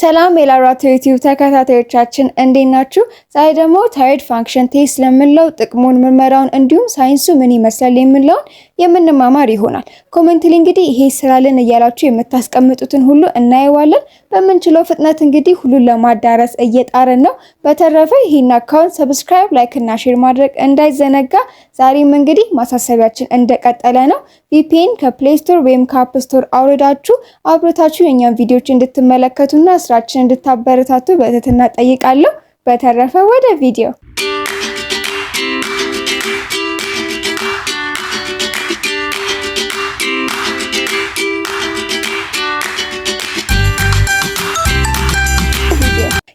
ሰላም የላራቶ ዩቲዩብ ተከታታዮቻችን እንዴት ናችሁ? ዛሬ ደግሞ ታይሮይድ ፋንክሽን ቴስት ለምንለው ጥቅሙን፣ ምርመራውን እንዲሁም ሳይንሱ ምን ይመስላል የምንለውን የምንማማር ይሆናል። ኮሜንት ላይ እንግዲህ ይሄ ስራልን እያላችሁ የምታስቀምጡትን ሁሉ እናየዋለን። በምንችለው ፍጥነት እንግዲህ ሁሉን ለማዳረስ እየጣረን ነው። በተረፈ ይሄን አካውንት ሰብስክራይብ፣ ላይክ እና ሼር ማድረግ እንዳይዘነጋ። ዛሬም እንግዲህ ማሳሰቢያችን እንደቀጠለ ነው። ቪፒኤን ከፕሌይ ስቶር ወይም ከአፕ ስቶር አውርዳችሁ አብረታችሁ የኛን ቪዲዮዎች እንድትመለከቱና ስራችን እንድታበረታቱ በትህትና ጠይቃለሁ። በተረፈ ወደ ቪዲዮ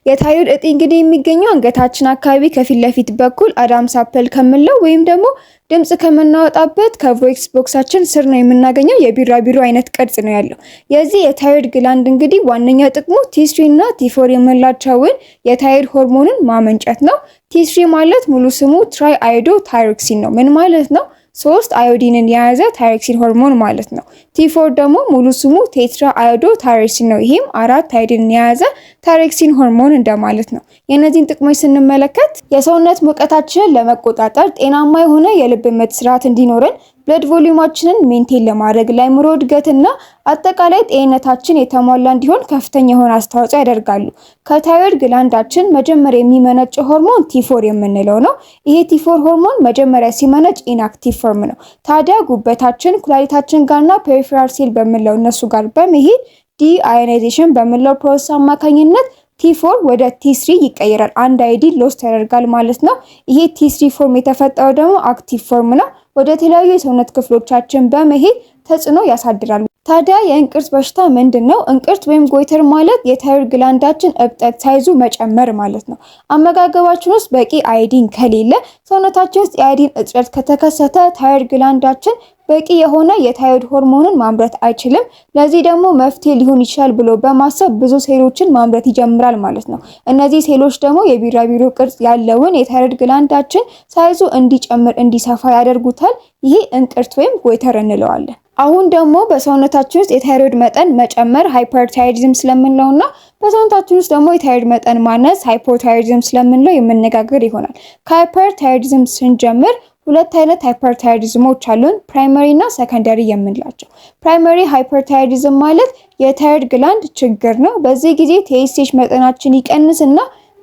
የታይሮይድ እጢ እንግዲህ የሚገኘው አንገታችን አካባቢ ከፊት ለፊት በኩል አዳምስ አፕል ከምለው ወይም ደግሞ ድምፅ ከምናወጣበት ከቮይስ ቦክሳችን ስር ነው የምናገኘው የቢራቢሮ አይነት ቅርጽ ነው ያለው። የዚህ የታይሮይድ ግላንድ እንግዲህ ዋነኛ ጥቅሙ ቲስሪ እና ቲፎር የምንላቸውን የታይሮይድ ሆርሞንን ማመንጨት ነው። ቲስሪ ማለት ሙሉ ስሙ ትራይ አይዶ ታይሮክሲን ነው። ምን ማለት ነው? ሶስት አዮዲንን የያዘ ታይሮክሲን ሆርሞን ማለት ነው። ቲፎር ደግሞ ሙሉ ስሙ ቴትራ አዮዶ ታይሮክሲን ነው። ይህም አራት አዮዲንን የያዘ ታይሮክሲን ሆርሞን እንደማለት ነው። የእነዚህን ጥቅሞች ስንመለከት የሰውነት ሙቀታችንን ለመቆጣጠር ጤናማ የሆነ የልብ ምት ስርዓት እንዲኖረን ብለድ ቮሊዩማችንን ሜንቴን ለማድረግ ለአእምሮ እድገትና አጠቃላይ ጤንነታችን የተሟላ እንዲሆን ከፍተኛ የሆነ አስተዋጽኦ ያደርጋሉ። ከታይሮይድ ግላንዳችን መጀመሪያ የሚመነጭ ሆርሞን ቲፎር የምንለው ነው። ይሄ ቲፎር ሆርሞን መጀመሪያ ሲመነጭ ኢንአክቲቭ ፎርም ነው። ታዲያ ጉበታችን፣ ኩላሊታችን ጋርና ፔሪፌራል ሴል በምንለው እነሱ ጋር በመሄድ ዲአዮናይዜሽን በምንለው ፕሮሰስ አማካኝነት ቲፎር ወደ ቲስሪ ይቀየራል። አንድ አይዲ ሎስ ያደርጋል ማለት ነው። ይሄ ቲስሪ ፎርም የተፈጠረው ደግሞ አክቲቭ ፎርም ነው። ወደ ተለያዩ የሰውነት ክፍሎቻችን በመሄድ ተጽዕኖ ያሳድራል። ታዲያ የእንቅርት በሽታ ምንድን ነው? እንቅርት ወይም ጎይተር ማለት የታይር ግላንዳችን እብጠት ሳይዙ መጨመር ማለት ነው። አመጋገባችን ውስጥ በቂ አይዲን ከሌለ፣ ሰውነታችን ውስጥ የአይዲን እጥረት ከተከሰተ ታይር ግላንዳችን በቂ የሆነ የታይሮይድ ሆርሞንን ማምረት አይችልም። ለዚህ ደግሞ መፍትሄ ሊሆን ይችላል ብሎ በማሰብ ብዙ ሴሎችን ማምረት ይጀምራል ማለት ነው። እነዚህ ሴሎች ደግሞ የቢራቢሮ ቅርጽ ያለውን የታይሮይድ ግላንዳችን ሳይዙ እንዲጨምር እንዲሰፋ ያደርጉታል። ይሄ እንቅርት ወይም ጎይተር እንለዋለን። አሁን ደግሞ በሰውነታችን ውስጥ የታይሮይድ መጠን መጨመር ሃይፐርታይሮይዲዝም ስለምንለው እና በሰውነታችን ውስጥ ደግሞ የታይሮይድ መጠን ማነስ ሃይፖታይሮይዲዝም ስለምንለው የምነጋገር ይሆናል። ከሃይፐርታይሮይዲዝም ስንጀምር ሁለት አይነት ሃይፐርታይሪዝሞች አሉን፣ ፕራይመሪ እና ሰከንደሪ የምንላቸው። ፕራይመሪ ሃይፐርታይሪዝም ማለት የታይሮይድ ግላንድ ችግር ነው። በዚህ ጊዜ የኤስኤች መጠናችን ይቀንስና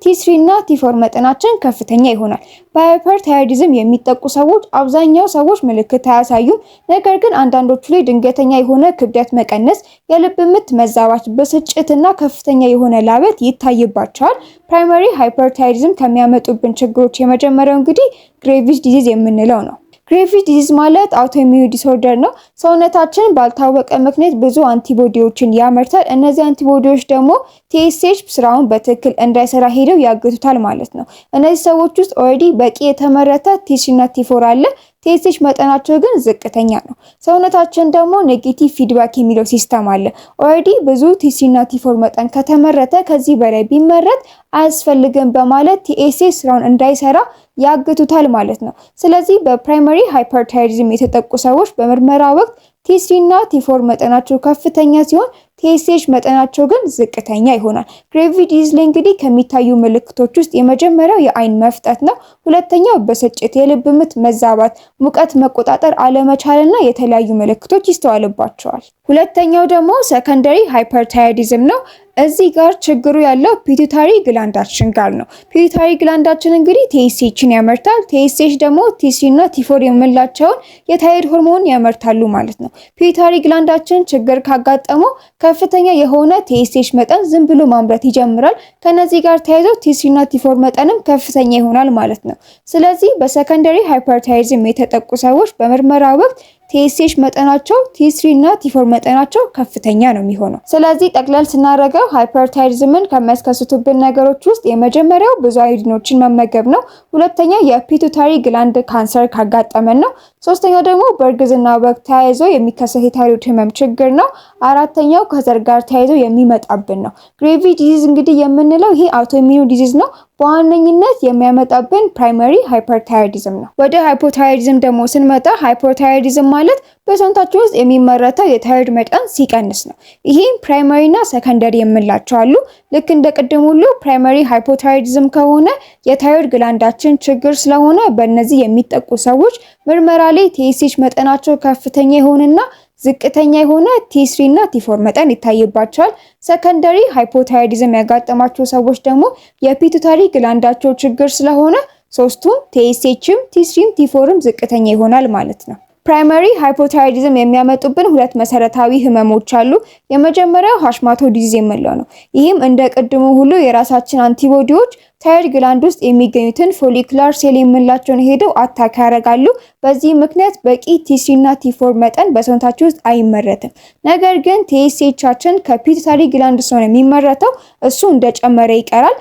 ቲስሪ እና ቲፎር መጠናችን ከፍተኛ ይሆናል። በሃይፐርታይሮይዲዝም የሚጠቁ ሰዎች አብዛኛው ሰዎች ምልክት አያሳዩም። ነገር ግን አንዳንዶቹ ላይ ድንገተኛ የሆነ ክብደት መቀነስ፣ የልብ ምት መዛባት፣ ብስጭት እና ከፍተኛ የሆነ ላበት ይታይባቸዋል። ፕራይመሪ ሃይፐርታይሮይዲዝም ከሚያመጡብን ችግሮች የመጀመሪያው እንግዲህ ግሬቪስ ዲዚዝ የምንለው ነው። ግሬቪ ዲዚዝ ማለት አውቶኢሚዩን ዲስኦርደር ነው። ሰውነታችን ባልታወቀ ምክንያት ብዙ አንቲቦዲዎችን ያመርታል። እነዚህ አንቲቦዲዎች ደግሞ ቲኤስኤች ስራውን በትክክል እንዳይሰራ ሄደው ያግቱታል ማለት ነው። እነዚህ ሰዎች ውስጥ ኦልሬዲ በቂ የተመረተ ቲች ቲፎር አለ። ቴስቶች መጠናቸው ግን ዝቅተኛ ነው። ሰውነታችን ደግሞ ኔጌቲቭ ፊድባክ የሚለው ሲስተም አለ። ኦልሬዲ ብዙ ቲሲና ቲፎር መጠን ከተመረተ ከዚህ በላይ ቢመረት አያስፈልግም በማለት ቲኤስኤስ ስራውን እንዳይሰራ ያግቱታል ማለት ነው። ስለዚህ በፕራይመሪ ሃይፐርታይሪዝም የተጠቁ ሰዎች በምርመራ ወቅት ቲስሪ እና ቲፎር መጠናቸው ከፍተኛ ሲሆን ቲኤስኤች መጠናቸው ግን ዝቅተኛ ይሆናል። ግሬቪ ዲዝ ላይ እንግዲህ ከሚታዩ ምልክቶች ውስጥ የመጀመሪያው የአይን መፍጠት ነው። ሁለተኛው ብስጭት፣ የልብ ምት መዛባት፣ ሙቀት መቆጣጠር አለመቻልና የተለያዩ ምልክቶች ይስተዋልባቸዋል። ሁለተኛው ደግሞ ሰከንደሪ ሃይፐርታይዲዝም ነው። እዚህ ጋር ችግሩ ያለው ፒቱታሪ ግላንዳችን ጋር ነው። ፒቱታሪ ግላንዳችን እንግዲህ ቲኤስኤችን ያመርታል። ቲኤስኤች ደግሞ እና ቲፎድ የምንላቸውን የታይድ ሆርሞን ያመርታሉ ማለት ነው። ፒቱታሪ ግላንዳችን ችግር ካጋጠመው ከፍተኛ የሆነ ቲኤስኤች መጠን ዝም ብሎ ማምረት ይጀምራል። ከነዚህ ጋር ተያይዞ እና ቲፎድ መጠንም ከፍተኛ ይሆናል ማለት ነው። ስለዚህ በሰከንደሪ ሃይፐርታይዝም የተጠቁ ሰዎች በምርመራ ወቅት ቲኤስኤች መጠናቸው ቲስሪ እና ቲፎር መጠናቸው ከፍተኛ ነው የሚሆነው። ስለዚህ ጠቅለል ስናደርገው ሃይፐርታይድዝምን ከሚያስከስቱብን ነገሮች ውስጥ የመጀመሪያው ብዙ አዮዲኖችን መመገብ ነው። ሁለተኛ የፒቱታሪ ግላንድ ካንሰር ካጋጠመን ነው። ሶስተኛው ደግሞ በእርግዝና ወቅት ተያይዞ የሚከሰት የታይሮይድ ህመም ችግር ነው። አራተኛው ከዘር ጋር ተያይዞ የሚመጣብን ነው። ግሬቪ ዲዚዝ እንግዲህ የምንለው ይሄ አውቶሚዩን ዲዚዝ ነው። በዋነኝነት የሚያመጣብን ፕራይመሪ ሃይፐርታይሮይዲዝም ነው። ወደ ሃይፖታይሮይዲዝም ደግሞ ስንመጣ ሃይፖታይሮይዲዝም ማለት በሰውነታችን ውስጥ የሚመረተው የታይሮይድ መጠን ሲቀንስ ነው። ይህም ፕራይማሪ እና ሰከንደሪ የምንላቸው አሉ። ልክ እንደ ቅድም ሁሉ ፕራይማሪ ሃይፖታይሮይዲዝም ከሆነ የታይሮይድ ግላንዳችን ችግር ስለሆነ በእነዚህ የሚጠቁ ሰዎች ምርመራ ላይ ቲኤስኤች መጠናቸው ከፍተኛ የሆነና ዝቅተኛ የሆነ ቲ3 እና ቲ4 መጠን ይታይባቸዋል። ሰከንደሪ ሃይፖታይሮይዲዝም ያጋጠማቸው ሰዎች ደግሞ የፒቱታሪ ግላንዳቸው ችግር ስለሆነ ሶስቱም ቲኤስኤችም ቲ3ም ቲ4ም ዝቅተኛ ይሆናል ማለት ነው። ፕራይመሪ ሃይፖታይዲዝም የሚያመጡብን ሁለት መሰረታዊ ህመሞች አሉ። የመጀመሪያው ዲዚዝ የምንለው ነው። ይህም እንደ ቅድሙ ሁሉ የራሳችን አንቲቦዲዎች ታይር ግላንድ ውስጥ የሚገኙትን ፎሊኩላር ሴል የምንላቸውን ሄደው አታክ ያደርጋሉ። በዚህ ምክንያት በቂ እና ቲፎር መጠን በሰውነታችን ውስጥ አይመረትም። ነገር ግን ቲኤስኤቻችን ከፒቱታሪ ግላንድ ስለሆነ የሚመረተው እሱ እንደጨመረ ይቀራል።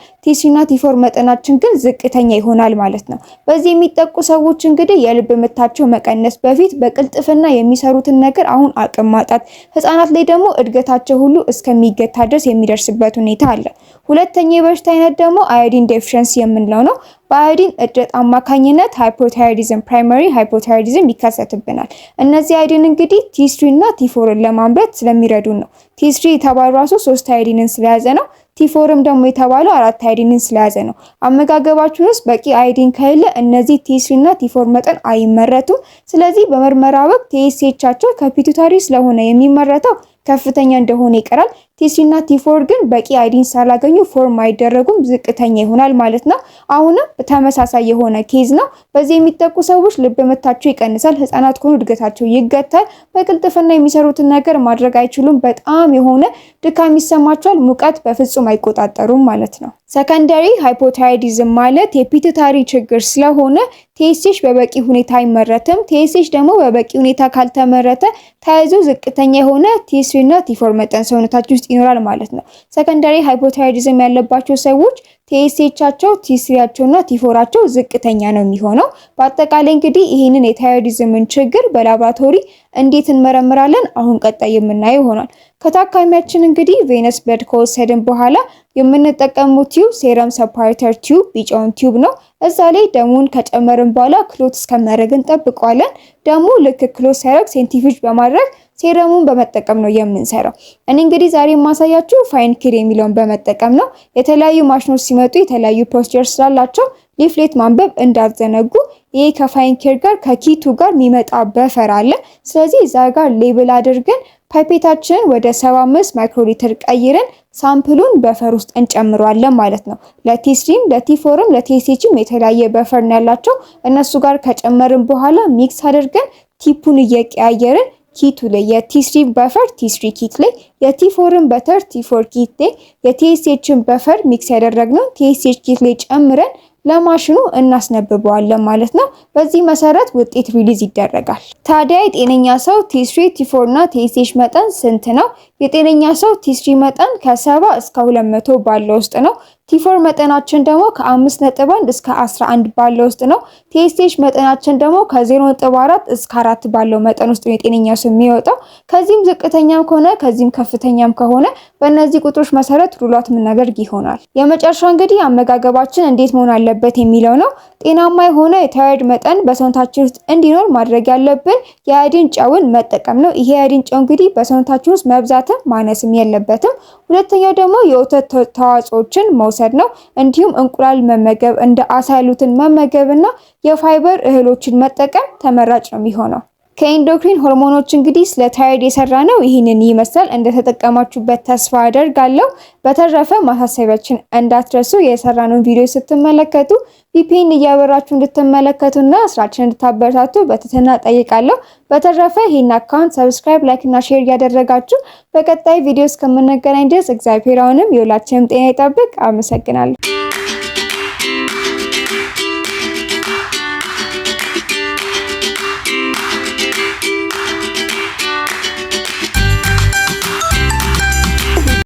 እና ቲፎር መጠናችን ግን ዝቅተኛ ይሆናል ማለት ነው። በዚህ የሚጠቁ ሰዎች እንግዲህ የልብ ምታቸው መቀነስ፣ በፊት በቅልጥፍና የሚሰሩትን ነገር አሁን አቅም ማጣት፣ ህጻናት ላይ ደግሞ እድገታቸው ሁሉ እስከሚገታ ድረስ የሚደርስበት ሁኔታ አለ። ሁለተኛ የበሽታ አይነት ደግሞ አዮዲን ዴፊሸንሲ የምንለው ነው። በአዮዲን እጥረት አማካኝነት ሃይፖታይሮይዲዝም፣ ፕራይማሪ ሃይፖታይሮይዲዝም ይከሰትብናል። እነዚህ አዮዲን እንግዲህ ቲስትሪ እና ቲፎርን ለማምረት ስለሚረዱን ነው። ቲስትሪ የተባለው ራሱ ሶስት አዮዲንን ስለያዘ ነው። ቲፎርም ደግሞ የተባለው አራት አዮዲንን ስለያዘ ነው። አመጋገባችን ውስጥ በቂ አዮዲን ከሌለ እነዚህ ቲስሪ እና ቲፎር መጠን አይመረቱም። ስለዚህ በምርመራ ወቅት ቲኤስኤቻቸው ከፒቱታሪ ስለሆነ የሚመረተው ከፍተኛ እንደሆነ ይቀራል። ቲ እና ቲ4 ግን በቂ አይዲን ሳላገኙ ፎርም አይደረጉም፣ ዝቅተኛ ይሆናል ማለት ነው። አሁንም ተመሳሳይ የሆነ ኬዝ ነው። በዚህ የሚጠቁ ሰዎች ልብ ምታቸው ይቀንሳል። ህጻናት ከሆኑ እድገታቸው ይገታል። በቅልጥፍና የሚሰሩትን ነገር ማድረግ አይችሉም። በጣም የሆነ ድካም ይሰማቸዋል። ሙቀት በፍጹም አይቆጣጠሩም ማለት ነው። ሰከንደሪ ሃይፖታይዲዝም ማለት የፒትታሪ ችግር ስለሆነ ቴስቲሽ በበቂ ሁኔታ አይመረትም። ቴስቲሽ ደግሞ በበቂ ሁኔታ ካልተመረተ ተያይዞ ዝቅተኛ የሆነ ቲስሪ እና ቲፎር መጠን ሰውነታችን ይኖራል ማለት ነው። ሰከንዳሪ ሃይፖታይሮይዲዝም ያለባቸው ሰዎች ቲኤስኤቻቸው ቲስሪያቸው እና ቲፎራቸው ዝቅተኛ ነው የሚሆነው። በአጠቃላይ እንግዲህ ይህንን የታይሮይዲዝምን ችግር በላብራቶሪ እንዴት እንመረምራለን? አሁን ቀጣይ የምናየው ይሆናል። ከታካሚያችን እንግዲህ ቬነስ ብለድ ከወሰድን በኋላ የምንጠቀመው ቲዩብ ሴረም ሰፓሬተር ቲዩብ ቢጫውን ቲዩብ ነው። እዛ ላይ ደሙን ከጨመርን በኋላ ክሎት እስከሚያደርግ እንጠብቀዋለን። ደሙ ልክ ክሎት ሲያደርግ ሴንቲፊጅ በማድረግ ሴረሙን በመጠቀም ነው የምንሰራው። እኔ እንግዲህ ዛሬ የማሳያችሁ ፋይን ኪር የሚለውን በመጠቀም ነው። የተለያዩ ማሽኖች ሲመጡ የተለያዩ ፕሮሲጀር ስላላቸው ሊፍሌት ማንበብ እንዳትዘነጉ ይሄ ከፋይን ኬር ጋር ከኪቱ ጋር የሚመጣ በፈር አለ። ስለዚህ እዛ ጋር ሌብል አድርገን ፓይፔታችንን ወደ 75 ማይክሮሊትር ቀይረን ሳምፕሉን በፈር ውስጥ እንጨምሯለን ማለት ነው። ለቲስሪም ለቲፎርም ለቴስችም የተለያየ በፈር ነው ያላቸው። እነሱ ጋር ከጨመርን በኋላ ሚክስ አድርገን ቲፑን እየቀያየርን ኪቱ ላይ የቲስሪም በፈር ቲስሪ ኪት ላይ የቲፎርን በተር ቲፎር ኪት ላይ የቲኤስኤችን በፈር ሚክስ ያደረግነው ቲኤስኤች ኪት ላይ ጨምረን ለማሽኑ እናስነብበዋለን ማለት ነው። በዚህ መሰረት ውጤት ሪሊዝ ይደረጋል። ታዲያ የጤነኛ ሰው ቲስሪ ቲ እና ቲኤስኤች መጠን ስንት ነው? የጤነኛ ሰው ቲስሪ መጠን ከሰባ እስከ ሁለት መቶ ባለው ውስጥ ነው። ቲፎር መጠናችን ደግሞ ከአምስት ነጥብ አንድ እስከ አስራ አንድ ባለው ውስጥ ነው። ቲኤስኤች መጠናችን ደግሞ ከዜሮ ነጥብ አራት እስከ አራት ባለው መጠን ውስጥ ነው የጤነኛ ሰው የሚወጣው። ከዚህም ዝቅተኛም ከሆነ ከዚህም ከፍተኛም ከሆነ በእነዚህ ቁጥሮች መሰረት ሩሏት የምናደርግ ይሆናል። የመጨረሻው እንግዲህ አመጋገባችን እንዴት መሆን አለበት የሚለው ነው። ጤናማ የሆነ የታይሮይድ መጠን በሰውነታችን ውስጥ እንዲኖር ማድረግ ያለብን የአዮዲን ጨውን መጠቀም ነው። ይሄ የአዮዲን ጨው እንግዲህ በሰውነታችን ውስጥ መብዛትም ማነስም የለበትም። ሁለተኛው ደግሞ የወተት ተዋጽኦችን መውሰድ መውሰድ ነው። እንዲሁም እንቁላል መመገብ፣ እንደ አሳ ያሉትን መመገብ እና የፋይበር እህሎችን መጠቀም ተመራጭ ነው የሚሆነው። ከኢንዶክሪን ሆርሞኖች እንግዲህ ስለ ታይሮይድ የሰራ ነው ይህንን ይመስላል። እንደተጠቀማችሁበት ተስፋ አደርጋለሁ። በተረፈ ማሳሰቢያችን እንዳትረሱ፣ የሰራነውን ቪዲዮ ስትመለከቱ ፒፒን እያበራችሁ እንድትመለከቱና ስራችን እንድታበረታቱ በትህትና ጠይቃለሁ። በተረፈ ይህን አካውንት ሰብስክራይብ፣ ላይክ እና ሼር እያደረጋችሁ በቀጣይ ቪዲዮ እስከምንገናኝ ድረስ እግዚአብሔር አሁንም የሁላችንም ጤና ይጠብቅ። አመሰግናለሁ።